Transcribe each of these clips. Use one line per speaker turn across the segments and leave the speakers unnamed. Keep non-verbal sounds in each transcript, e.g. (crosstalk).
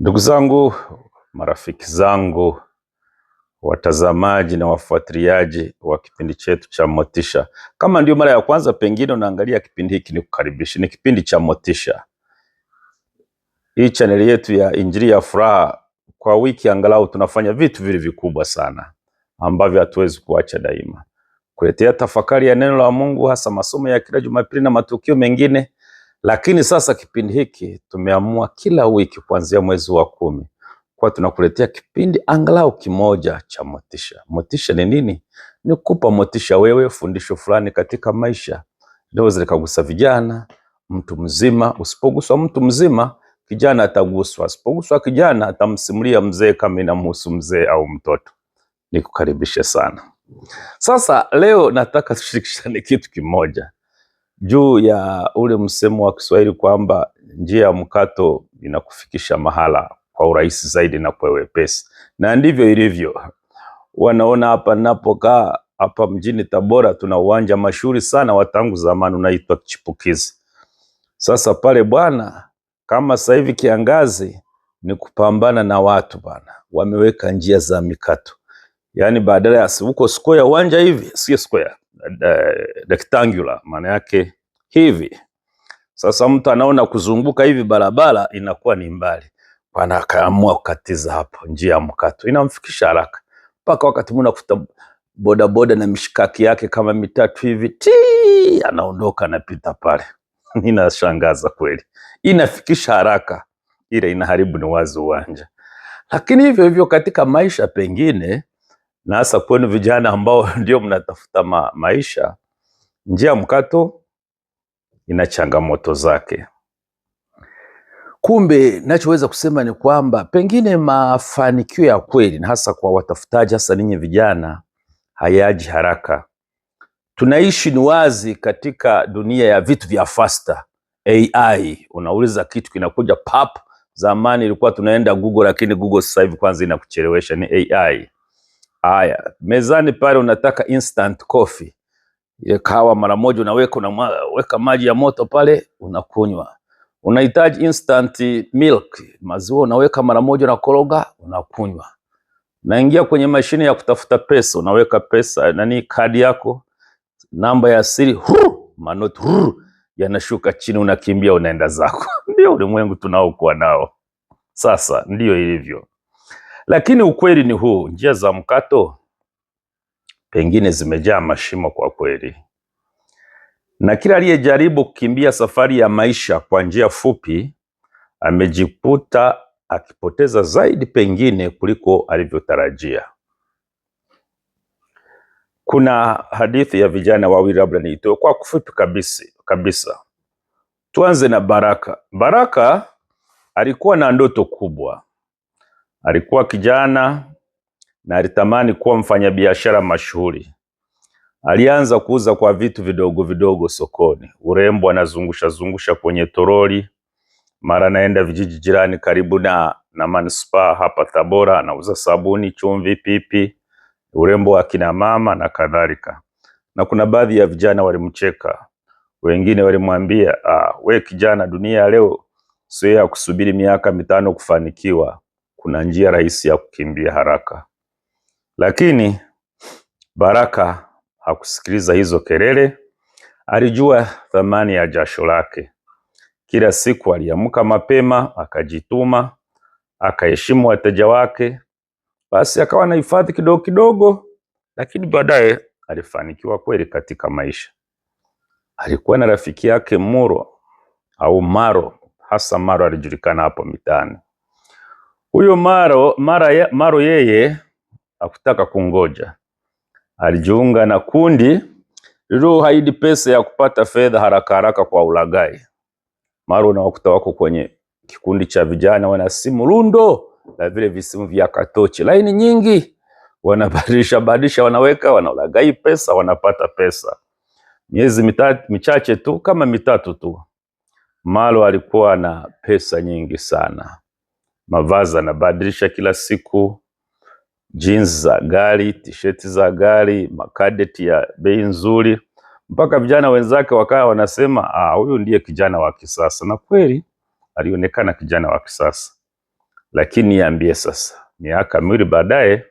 Ndugu zangu, marafiki zangu, watazamaji na wafuatiliaji wa kipindi chetu cha Motisha, kama ndio mara ya kwanza pengine unaangalia kipindi hiki, ni kukaribishi. Ni kipindi cha Motisha, hii chaneli yetu ya Injili ya Furaha. Kwa wiki angalau tunafanya vitu vile vikubwa sana ambavyo hatuwezi kuacha daima, kuletea tafakari ya neno la Mungu, hasa masomo ya kila Jumapili na matukio mengine lakini sasa kipindi hiki tumeamua kila wiki kuanzia mwezi wa kumi kwa tunakuletea kipindi angalau kimoja cha motisha. Motisha ni nini? Ni kupa motisha wewe fundisho fulani katika maisha, linaweza likagusa vijana, mtu mzima. Usipoguswa mtu mzima, kijana ataguswa. Asipoguswa kijana, atamsimulia mzee kama inamhusu mzee au mtoto. Nikukaribishe sana. Sasa leo nataka tushirikishane kitu kimoja juu ya ule msemo wa Kiswahili kwamba njia ya mkato inakufikisha mahala kwa urahisi zaidi na kwa wepesi, na ndivyo ilivyo. Wanaona hapa ninapokaa hapa mjini Tabora, tuna uwanja mashuhuri sana wa tangu zamani unaitwa Chipukizi. Sasa pale bwana, kama sasa hivi kiangazi ni kupambana na watu bwana, wameweka njia za mikato, yaani badala ya huko square uwanja hivi sio square rectangular, maana yake hivi. Sasa mtu anaona kuzunguka hivi barabara inakuwa ni mbali, bwana akaamua kukatiza hapo, njia ya mkato inamfikisha haraka mpaka wakati mwingine kuta bodaboda na mishikaki yake kama mitatu hivi ti anaondoka anapita pale. (laughs) Inashangaza kweli, inafikisha haraka, ile inaharibu ni wazi uwanja. Lakini hivyo hivyo katika maisha pengine na hasa kwenu vijana ambao (laughs) ndio mnatafuta ma maisha, njia mkato ina changamoto zake. Kumbe nachoweza kusema ni kwamba pengine mafanikio ya kweli na hasa kwa watafutaji, hasa ninyi vijana, hayaji haraka. Tunaishi ni wazi katika dunia ya vitu vya fasta AI, unauliza kitu kinakuja pap. Zamani ilikuwa tunaenda Google, lakini Google sasa hivi kwanza inakuchelewesha, ni AI. Haya, mezani pale unataka instant coffee, ile kahawa mara moja unaweka, unaweka maji ya moto pale unakunywa. Unahitaji instant milk, maziwa unaweka mara moja, na koroga unakunywa. Naingia kwenye mashine ya kutafuta pesa, unaweka pesa nani, kadi yako, namba ya siri, huru manoti, huru yanashuka chini, unakimbia unaenda zako. (laughs) Ndio ulimwengu tunaokuwa nao sasa, ndio ilivyo. Lakini ukweli ni huu, njia za mkato pengine zimejaa mashimo kwa kweli, na kila aliyejaribu kukimbia safari ya maisha kwa njia fupi amejikuta akipoteza zaidi pengine kuliko alivyotarajia. Kuna hadithi ya vijana wawili, labda niitoe kwa kufupi kabisa kabisa. Tuanze na Baraka. Baraka alikuwa na ndoto kubwa, Alikuwa kijana na alitamani kuwa mfanyabiashara mashuhuri. Alianza kuuza kwa vitu vidogo vidogo sokoni, urembo anazungusha zungusha kwenye toroli, mara naenda vijiji jirani karibu na, na manispaa hapa Tabora, anauza sabuni, chumvi, pipi, urembo wa kina mama na kadhalika. Na kuna baadhi ya vijana walimcheka, wengine walimwambia ah, we kijana, dunia leo sio ya kusubiri miaka mitano kufanikiwa kuna njia rahisi ya kukimbia haraka. Lakini Baraka hakusikiliza hizo kelele. Alijua thamani ya jasho lake. Kila siku aliamka mapema, akajituma, akaheshimu wateja wake. Basi akawa na hifadhi kidogo kidogo, lakini baadaye alifanikiwa kweli katika maisha. Alikuwa na rafiki yake Muro au Maro, hasa Maro alijulikana hapo mitaani. Huyo Maro, mara, ye, Maro yeye hakutaka kungoja, alijiunga na kundi lililohaidi pesa ya kupata fedha haraka haraka kwa ulagai. Maro na wakuta wako kwenye kikundi cha vijana, wana simu rundo na vile visimu vya katochi, laini nyingi, wanabadilisha badilisha, wanaweka, wanaulagai pesa, wanapata pesa. Miezi mitatu, michache tu kama mitatu tu, Maro alikuwa na pesa nyingi sana mavazi anabadilisha kila siku, jeans za gari, tisheti za gari, makadeti ya bei nzuri, mpaka vijana wenzake wakawa wanasema ah, huyu ndiye kijana wa kisasa. Na kweli alionekana kijana wa kisasa, lakini niambie sasa, miaka miwili baadaye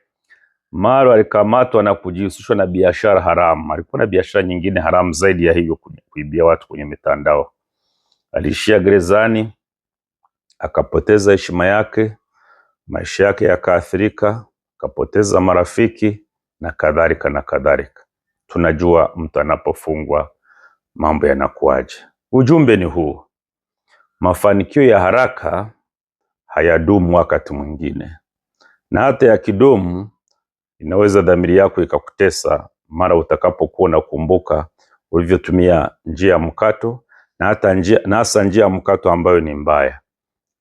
Maro alikamatwa na kujihusishwa na biashara haramu. Alikuwa na biashara nyingine haramu zaidi ya hiyo, kuibia watu kwenye mitandao. Aliishia gerezani akapoteza heshima yake, maisha yake yakaathirika, akapoteza marafiki na kadhalika na kadhalika. Tunajua mtu anapofungwa mambo yanakuaje. Ujumbe ni huu: mafanikio ya haraka hayadumu wakati mwingine, na hata ya kidumu, inaweza dhamiri yako ikakutesa mara utakapokuwa unakumbuka ulivyotumia njia ya mkato na hata njia, na hasa njia ya mkato ambayo ni mbaya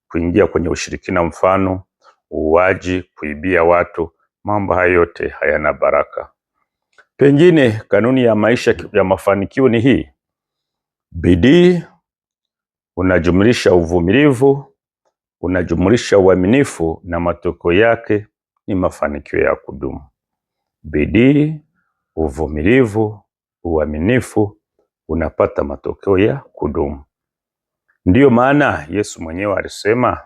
kuingia kwenye ushirikina, mfano uuaji, kuibia watu. Mambo hayo yote hayana baraka. Pengine kanuni ya maisha ya mafanikio ni hii: bidii unajumlisha uvumilivu, unajumlisha uaminifu, na matokeo yake ni mafanikio ya kudumu. Bidii, uvumilivu, uaminifu, unapata matokeo ya kudumu. Ndiyo maana Yesu mwenyewe alisema,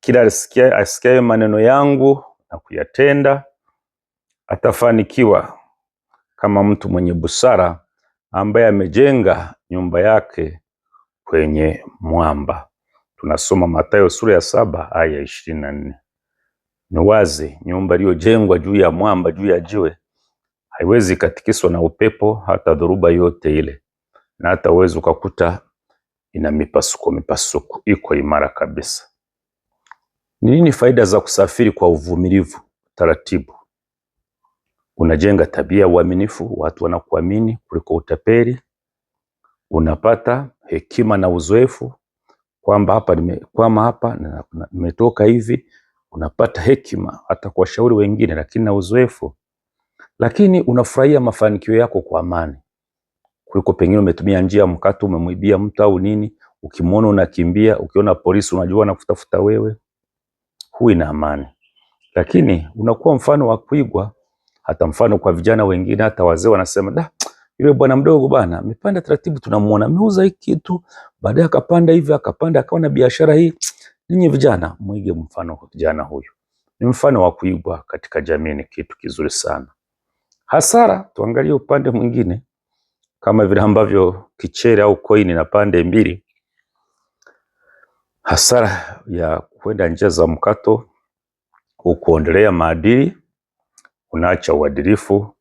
kila asikia asikiaye maneno yangu na kuyatenda atafanikiwa kama mtu mwenye busara ambaye amejenga nyumba yake kwenye mwamba. Tunasoma Mathayo sura ya saba aya ya ishirini na nne. Ni wazi nyumba iliyojengwa juu ya mwamba, juu ya jiwe haiwezi ikatikiswa na upepo, hata dhoruba yote ile, na hata uwezi ukakuta ina mipasuko mipasuko, iko imara kabisa. Ni nini faida za kusafiri kwa uvumilivu taratibu? Unajenga tabia ya uaminifu, watu wanakuamini kuliko utapeli. Unapata hekima na uzoefu kwamba hapa nimekwama, hapa nimetoka hivi. Unapata hekima hata kuwashauri wengine, lakini na uzoefu, lakini unafurahia mafanikio yako kwa amani kuliko pengine umetumia njia mkato, umemwibia mtu au nini, ukimwona unakimbia, ukiona polisi unajua na kutafuta wewe, huwi na amani. Lakini unakuwa mfano wa kuigwa, hata mfano kwa vijana wengine, hata wazee wanasema da, yule bwana mdogo bana amepanda taratibu, tunamuona ameuza hiki kitu, baadaye akapanda hivi, akapanda akawa na biashara hii. Ninyi vijana muige mfano kwa kijana huyu, ni mfano wa kuigwa katika jamii, ni kitu kizuri sana. Hasara tuangalie upande mwingine kama vile ambavyo kichere au koini na pande mbili, hasara ya kwenda njia za mkato ukuondelea maadili, unaacha uadilifu,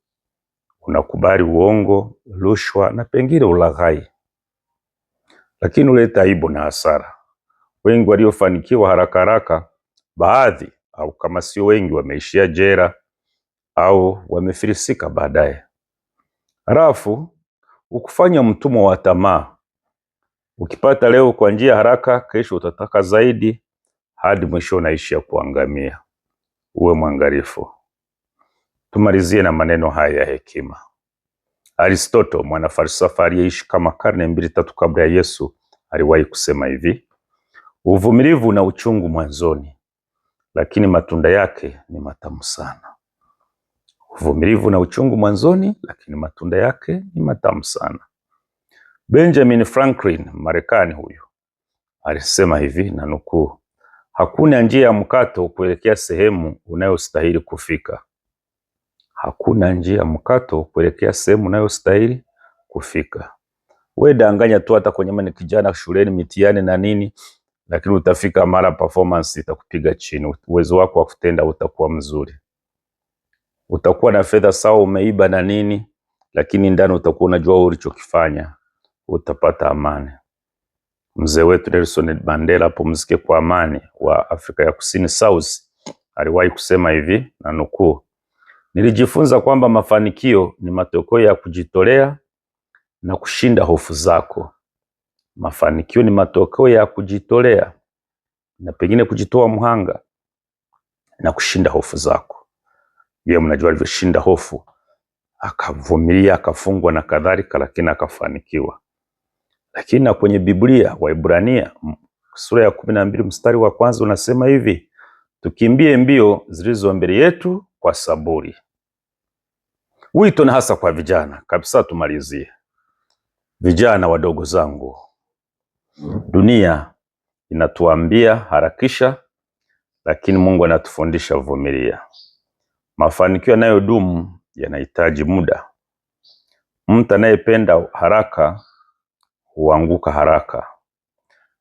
unakubali uongo, rushwa na pengine ulaghai, lakini uleta aibu na hasara. Wengi waliofanikiwa haraka haraka, baadhi au kama sio wengi, wameishia jera au wamefilisika baadaye. Halafu Ukufanya mtumwa wa tamaa. Ukipata leo kwa njia haraka, kesho utataka zaidi, hadi mwisho unaishia kuangamia. Uwe mwangalifu. Tumalizie na maneno haya ya hekima. Aristoto, mwanafalsafa aliyeishi kama karne mbili tatu kabla ya Yesu, aliwahi kusema hivi: uvumilivu na uchungu mwanzoni, lakini matunda yake ni matamu sana uvumilivu na uchungu mwanzoni, lakini matunda yake ni matamu sana. Benjamin Franklin, Marekani huyu, alisema hivi na nukuu, hakuna njia ya mkato kuelekea sehemu unayostahili kufika. Hakuna njia ya mkato kuelekea sehemu unayostahili kufika. Wewe danganya tu, hata kwenye mani kijana shuleni, mitihani na nini, lakini utafika mara performance itakupiga chini, uwezo wako wa kutenda utakuwa mzuri. Utakuwa na fedha sawa, umeiba na nini, lakini ndani utakuwa unajua ulichokifanya, utapata amani. Mzee wetu Nelson Mandela, apumzike kwa amani, wa Afrika ya Kusini South, aliwahi kusema hivi na nukuu, nilijifunza kwamba mafanikio ni matokeo ya kujitolea na kushinda hofu zako. Mafanikio ni matokeo ya kujitolea na pengine kujitoa mhanga na kushinda hofu zako ye mnajua alivyoshinda hofu? Akavumilia, akafungwa na kadhalika, lakini akafanikiwa. Lakini na kwenye Biblia, Waibrania sura ya kumi na mbili mstari wa kwanza unasema hivi, tukimbie mbio zilizo mbele yetu kwa saburi. Wito na hasa kwa vijana kabisa, tumalizie. Vijana wadogo zangu, dunia inatuambia harakisha, lakini Mungu anatufundisha vumilia. Mafanikio yanayodumu yanahitaji muda. Mtu anayependa haraka huanguka haraka,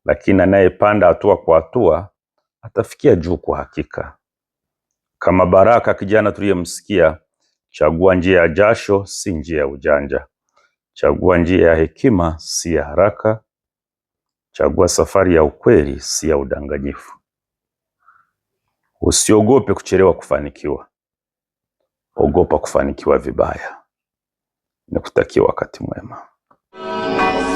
lakini anayepanda hatua kwa hatua atafikia juu kwa hakika. Kama Baraka kijana tuliyemsikia, chagua njia ya jasho, si njia ya ujanja. Chagua njia ya hekima, si ya haraka. Chagua safari ya ukweli, si ya udanganyifu. Usiogope kuchelewa kufanikiwa. Ogopa kufanikiwa vibaya. Nikutakia wakati mwema.